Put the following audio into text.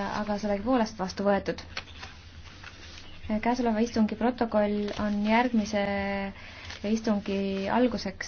aga sellegipoolest vastu võetud. käesoleva istungi protokoll on järgmise istungi alguseks